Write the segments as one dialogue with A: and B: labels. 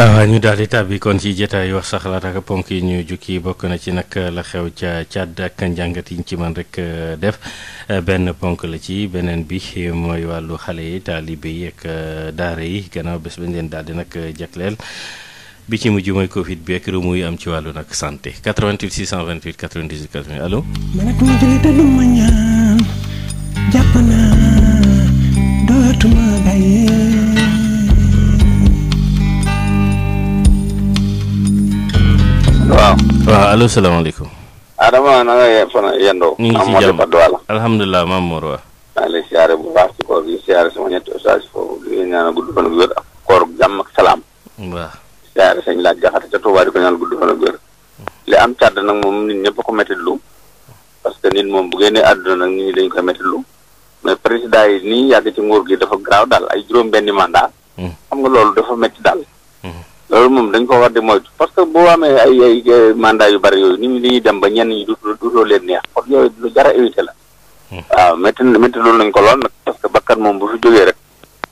A: Ah, ñu daal di tàbbi kon ci jotaay wax sax xalaat ak ponk yi ñu jukki bokk na ci nag la xew ca Tchad ak njàngat yi ñu ci man rek euh, def euh, benn ponk la ci beneen bi mooy wàllu xale yi taalibe yi ak euh, daara yi gannaaw bés bañ leen daal di nag jagleel bi ci mujj mooy Covid bi ak rumu yi am ci wàllu nag santé 88 628 98 80 allo. waaw allo salaamaaleykum. Adama na nga yendoo. ñu ngi ci jàmm alhamdulilah maam Mor waa. maa siyaare bu baax ci koor gi
B: siyaare sama ñetti oustaz foofu di leen ñaanal gudd fan ak
A: wér
B: sañ laaj jaxate ca Touba di ko ñaanal gudd li am càdd nag moom nit ñëpp ko métti lu parce que nit moom bu génnee àdduna nag nit ñi dañ koy métti lu mais président yi nii yàgg ci nguur gi dafa garaaw daal ay juróom-benni mandat. Hmm. xam nga loolu dafa métti daal. loolu moom dañ ko war di moytu parce que boo amee ay ay mandat yu bari yooyu nit ñi dañuy dem ba ñenn ñi du du leen neex kon yooyu lu jar a éviter la. Hmm. waaw métti métti loolu nañ ko lool nag parce que bakkan moom bu fi jógee rek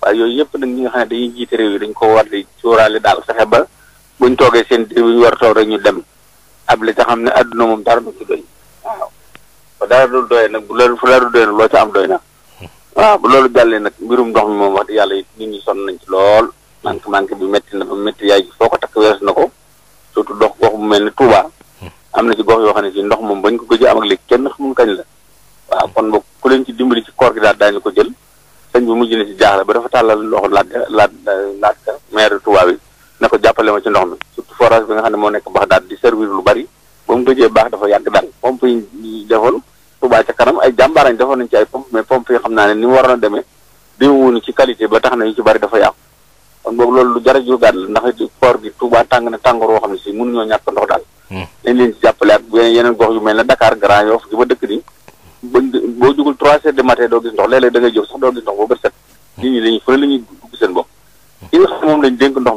B: waaye yooyu yëpp nag ñi nga xam ne dañuy jiite réew yi dañ ko war di sóoraale daal fexe ba buñ toogee seen diir bu ñu war rek ñu dem ab la nga xam ne àdduna moom dara du ci doy waaw ba dara du doy nag loolu loo ca am doy na hmm. waaw bu loolu jàllee nag mbirum ndox mi moom wax dëgg yàlla nit ñi sonn nañ lool. manque manque bi métti na ba métti yaay foo ko takk weesu na ko surtout dox gox bu mel ni Touba. am na ci gox yoo xam ne si ndox moom bañ ko gëj am ak léegi kenn xamul kañ la. kon boog ku leen ci dimbali ci koor gi daal daal daañu ko jël sëñ bi mujj na ci jaaxle ba dafa tàllal loxo laaj laaj laaj ka maire Touba bi na ko jàppale ma ci ndox mi surtout forage bi nga xam ne moo nekk baax daal di servir lu bari ba mu gëjee baax dafa yàgg daal pompe yi defoon Touba ca kanam ay jàmbaarañ defoon nañ ci ay pompe mais pompe yi xam naa ne ni mu waroon a demee déwénu ci qualité ba tax na ci bari dafa yàqu kon boobu loolu lu jar a jugaat la ndax it koor gi Touba tàng na tàngoor woo xam ne ndox daal. Hmm. dañ leen jàppale ak yeneen gox yu mel ne Dakar Grand Yoff gi ma dëkk hmm. ndox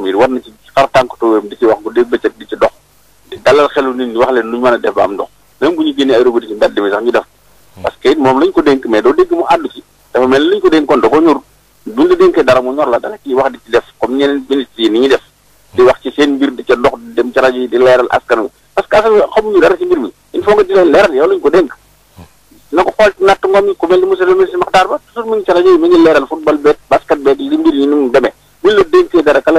B: mi war na ci xar tànk tooyam di ci wax dalal xelu nit ñi wax leen lu ñu mën a def ba am ndox même bu ñu génnee ay robinet ci mbedd mi sax ñu def hmm. parce que it moom lañ ko dénk mais doo dégg mu àddu ci mel lañ ko dénkoon da ko ñor la dénkee ci wax di ci def comme ñeneen ministres yi ni ñuy def di wax ci seen mbir di ca dox dem ca rajo yi di leeral askan wi parce que askan wi xamuñu dara ci mbir mi il faut nga di leen leeral yow lañu ko dénk na ko xool natt ngoom ngi ca rajo yi mu ngi leeral football beeg basket beeg li mbir mu demee buñ la dénkee dara ka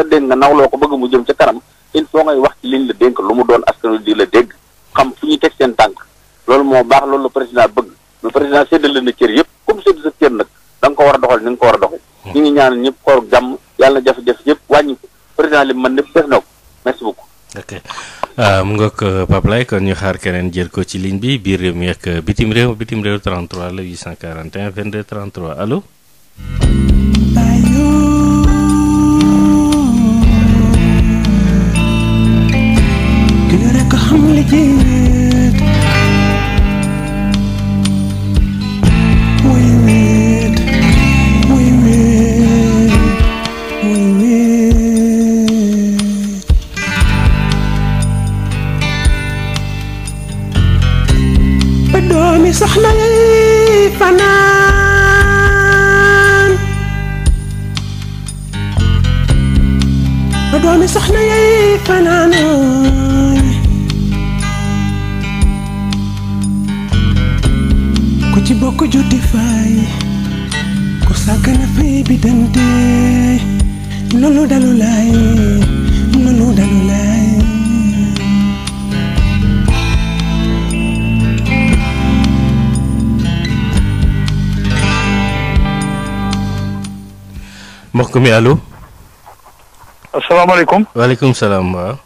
B: ko bëgg mu jëm ca kanam il faut ngay wax ci liñ la dénk lu mu doon askan wi di la dégg xam fu ñuy teg seen tànk loolu moo baax loolu la président bëgg le président séddale na cër yëpp comme sédd sa cër nag da ko war a doxal ni nga ko war a doxal ñu ngi ñaanal ñëpp koor jàmm yàlla na jafe-jafe yëpp wàññi ko président man lépp def na
A: merci beaucoup. Euh, mu nga ko euh, Pape kon ñu xaar keneen jël ko ci ligne bi biir réew mi ak euh, bitim réew bitim réew 33 la 841 22 33 allo.
C: ko justify ku sàggana
D: fay bi dante loolu dalu laay loolu
A: mi allo asalaamaaleykum waaleykum salaam waaw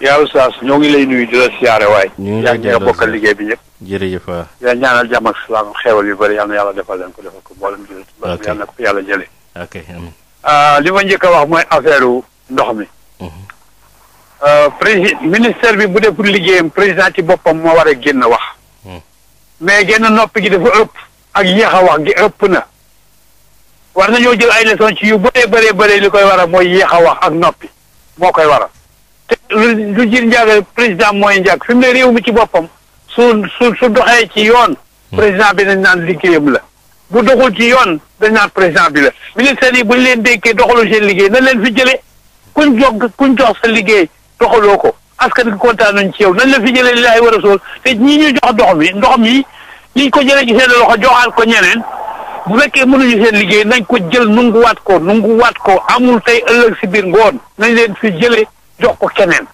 D: yaa Oustaz ñoo ngi lay nuyu di la siyaare waay. ñu ngi nga bokkal liggéey bi ñëpp. jërëjëf waay. di la ñaanal jàmm ak salaam xéewal yu bëri yal na yàlla defal leen ko defal ko mboolem jullit. ok yal na ko yàlla jëlee. ok amiin. Ah, li ma njëkk a wax mooy affaire ndox mi. Mhm. Ah, président ministère bi bu dee pour liggéeyam président ci boppam moo war a génn wax. Mhm. mais génn noppi gi dafa ëpp. ak yéex a wax gi ëpp na. war nañoo jël ay leçon ci yu bëree bëree bëri li koy waral mooy yéex a wax ak noppi moo koy waral. lu jir njaaga président mooy njaag fi mu ne réew mi ci boppam su su su doxee ci yoon hmm. président bi nañ naan liggéeyam la bu doxul ci yoon dañ naan président bi la ministère yi bu ñu leen dénkee doxalu seen liggéey nañ leen fi jëlee kuñ jox kuñ jox liggéey doxaloo ko askan gi kontaan nañ ci yow nañ leen fi jëlee li ay war te ñii ñu jox ndox mi ndox mi liñ ko jëlee ci seen loxo joxaat ko ñeneen bu fekkee mënuñu seen liggéey nañ ko jël nunguwaat ko nunguwaat ko amul tey ëllëg si biir ngoon nañ leen fi jëlee jox keneen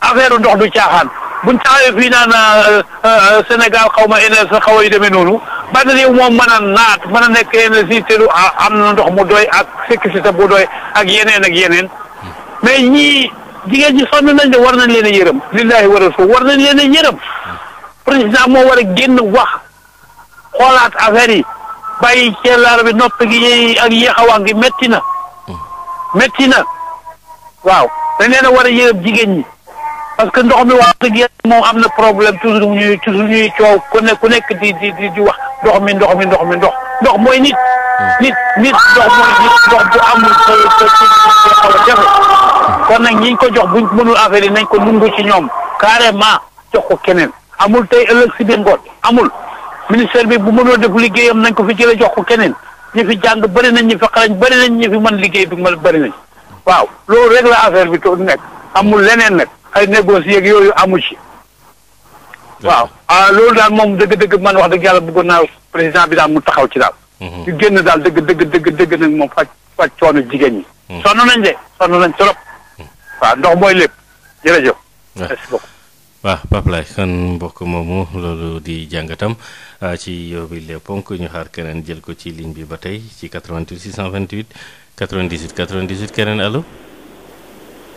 D: affaire ndox du caaxaan buñ taxawee fii naan euh, euh, Sénégal xaw ma énergie xaw a yu demee noonu ban réew moom mën a naat mën a nekk énergie te du ah, am na ndox mu doy ak sécurité bu doy ak yeneen ak yeneen mais ñii jigéen ñi sonn nañ de war nañ leen a yërëm lillahi wa rasul war nañ leen a yërëm président moo war a génn wax xoolaat affaire yi bàyyi ceelaar bi nopp gi ak yéex gi métti na métti mm. na waaw dañ leen a war a yërëm jigéen ñi parce que ndox mi wax dëgg yàlla moom am na problème toujours ñuy toujours ñuy coow ku nekk di di di wax ndox mi ndox mi ndox mi ndox ndox mooy nit. nit nit ndox mooy nit ndox bu amul sa sa ñi xaw ko jox buñ mënul affaire yi nañ ko nungu ci ñoom carrément jox ko keneen amul tey ëllëg si biir ngoon amul ministère bi bu mënoo def liggéeyam nañ ko fi jëlee jox ko keneen ñi fi jàng bari nañ ñi fi xarañ bëri nañ ñi fi mën liggéey bi mën bari nañ. waaw loolu rek la affaire bi to nekk amul leneen nag ay négocier ak yooyu amu ci. waaw ah, loolu daal moom dëgg-dëgg man wax dëgg yàlla bëggoon naa président bi daal mu taxaw ci daal. Mhm. di génn daal dëgg dëgg dëgg dëgg nag moom faj faj coono jigéen ñi. Mhm. sonn nañ de sonn nañ trop. Mhm. waaw ndox mooy lépp
A: jërëjëf. merci beaucoup. waaw Pape Laye mbokk moomu loolu di jàngatam ah, ci yow bi le ponk ñu xaar keneen jël ko ci ligne bi ba tey ci 88 628. 98 98 keneen allo.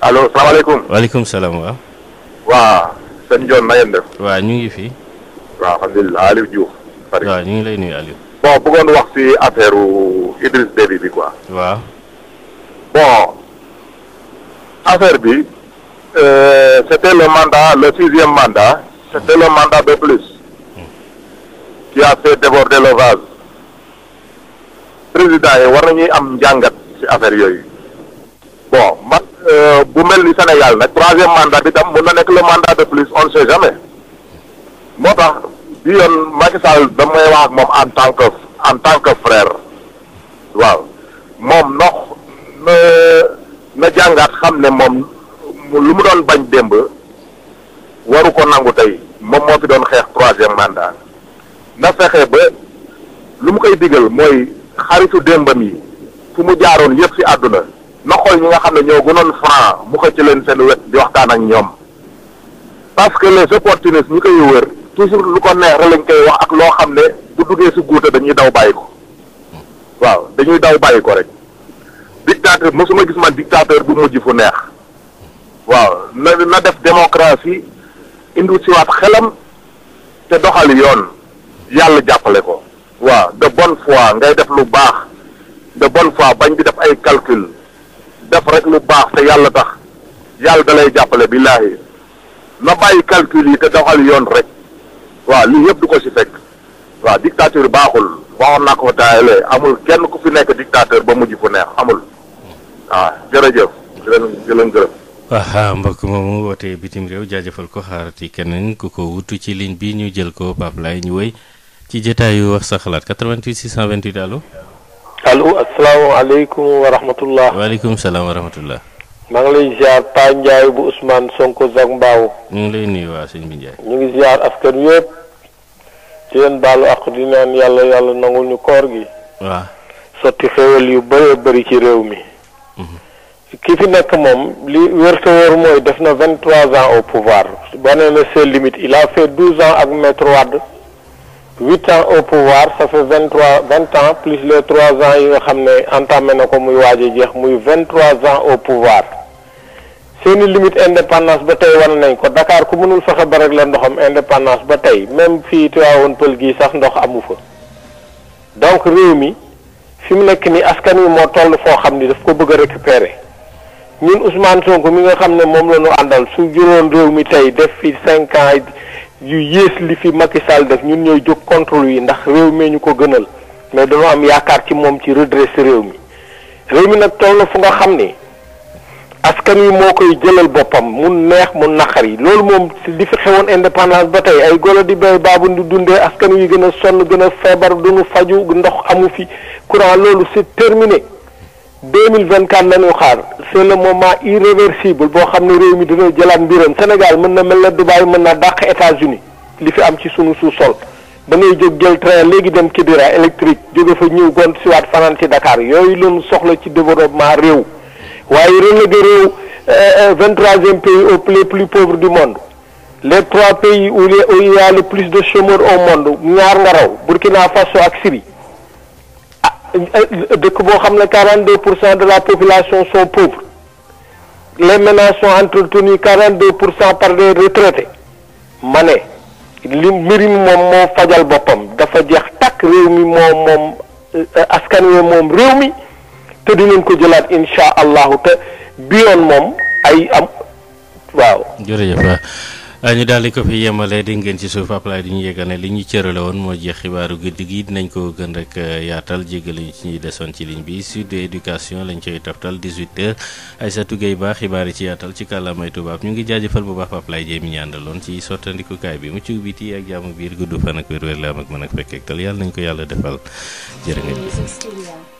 A: alo salaamaaleykum. waaleykum salaam waaw. waa sëñ Ndiol na ngeen def. waa ñu ngi fi. waaw
C: alhamdulilah Aliou Diouf. waaw ñu ngi lay nuyu Aliou. bon bëggoon wax ci affaire Idriss Déby bi quoi. waaw. bon affaire bi. Euh, c'était le mandat le sixième mandat. c'était le mandat de plus. qui a fait déborder le vase. président yi war am njàngat. ci affaire yooyu bon man euh, bu mel ni Sénégal nag troisième mandat bi tam mën na nekk le mandat de plus on ne jamais moo tax bi yoon Macky Sall damay wax moom en tant que en tant que frère waaw moom nox na na jàngaat xam ne moom lu mu doon bañ démb waru ko nangu tey moom moo fi doon xeex troisième mandat na fexe ba lu mu koy digal mooy xaritu démbam yi fu mu jaaroon yëpp ci àdduna na xool ñi nga xam ne ñoo gënoon franc mu xëcc leen seen wet di waxtaan ak ñoom parce que les opportunistes ñi koy wër toujours lu ko neex lañ koy wax ak loo xam ne bu duggee si guute dañuy daw bàyyi ko waaw dañuy daw bàyyi ko rek dictateur mosuma gis man dictateur bu mujj fu neex waaw na na def démocratie indi ci waat xelam te doxal yoon yàlla jàppale ko waaw de bon foi ngay def lu baax de bonne foi bañ bi def ay calcul def rek lu baax te yàlla tax yàlla dalay lay jàppale billaahi na bàyyi calcul yi te doxal yoon rek waaw lii yëpp du ko ci fekk waaw dictature baaxul waxoon na ko taayalee amul kenn ku fi nekk dictateur ba mujj fu neex amul waaw jërëjëf di leen di leen gërëm.
A: waaw mbokk moomu wootee bitim réew jaajëfal ko xaarati kenn ku ko wutu ci ligne bi ñu jël ko Pape Lay ñu wéy ci jotaayu wax sa xalaat 88 vingt allo.
E: allo asalaamaaleykum wa rahmatullah.
A: waaleykum salaam wa rahmatullah.
E: lay ziar Pa Ndiaye bu Ousmane Sonko Zac Mbao.
A: ñu ngi lay nuyu waa sëñ bi Ndiaye.
E: ñu ngi ziar askan yëpp. di leen baalu ak di naan yàlla yàlla nangul ñu koor gi. waaw sotti xéwal yu bëree bëri ci réew mi. Mhm. ki fi nekk moom li wér te mooy def na vingt trois ans au pouvoir boo na c'est limite il a fait douze ans ak maître Wade. huit ans au pouvoir ça fait vingt trois vingt ans plus les trois ans yi nga xam ne entamé na ko muy waaj a jeex muy vingt trois ans au pouvoir seeni limite indépendance ba tey wan nañ ko Dakar ku mënul fexe ba rek la ndoxam indépendance ba tey même fii Tivaouane Pël gii sax ndox amu fa donc réew mi fi mu nekk ni askan wi moo toll foo xam ni daf ko bëgg a récupérer ñun Ousmane Sonko mi nga xam ne moom la ñu àndal su juróon réew mi tey def fi cinq ans yu yées li fi Macky Sall def ñun ñooy jóg contre yi ndax réew mee ñu ko gënal mais dañoo am yaakaar ci moom ci redresser réew mi réew mi nag toll na fu nga xam ni askan wi moo koy jëlal boppam mu neex mu naqar yi loolu moom li fi xewoon indépendance ba tey ay golo di béy baabu di dundee askan yi gën a sonn gën a feebar duñu faju ndox amu fi courant loolu c'est terminé deux mille vingt quatre la ñu xaar c' est le moment irréversible boo xam ne réew mi dina jëlaat mbiram Sénégal mën na mel na Dubaï mën na dàq États-Unis li fi am ci sunu sous-sol da ngay jóg jël train léegi dem Kidira électrique jóge fa ñëw gont si waat fanaan si Dakar yooyu lañu soxla ci développement réew waaye relégué réew euh, euh, vingt troisième pays au les plus pauvres du monde les trois pays où il y a le plus de chômeurs au monde ñaar nga raw Burkina Faso ak dëkk boo xam ne 42 pour cent de la population sont pauvres les ménages sont entretenus pour cent par des retraités ma ne li mbir mi moom moo fajal boppam dafa jeex takk réew mi moom moom euh, askan wi moom réew mi te dinañ ko jëlaat incha allahu te bi yoon moom ay am
A: waaw. jërëjëf. Euh, ñu daal di ko fi yemale di ngeen ci suuf Apalaa di ñu yëgal ne li ñu cërale woon moo jeex xibaaru guddi gi dinañ ko gën rek euh, yaatal jégaluñ ci ñuy desoon ci ligne bi sud éducation lañ koy toftal 18h Aïssatou Gueye Ba xibaar yi ci yaatal ci kàllaamay tubaab ñu ngi jaajëfal bu baax Apalaa Dieng mi ñu àndaloon ci sottandikukaay bi mucc biti ak jàmm biir gudd fan ak wér-wér la am ak mën ak fekkeektal yàlla nañ ko yàlla defal jërë ngeen
E: jëf.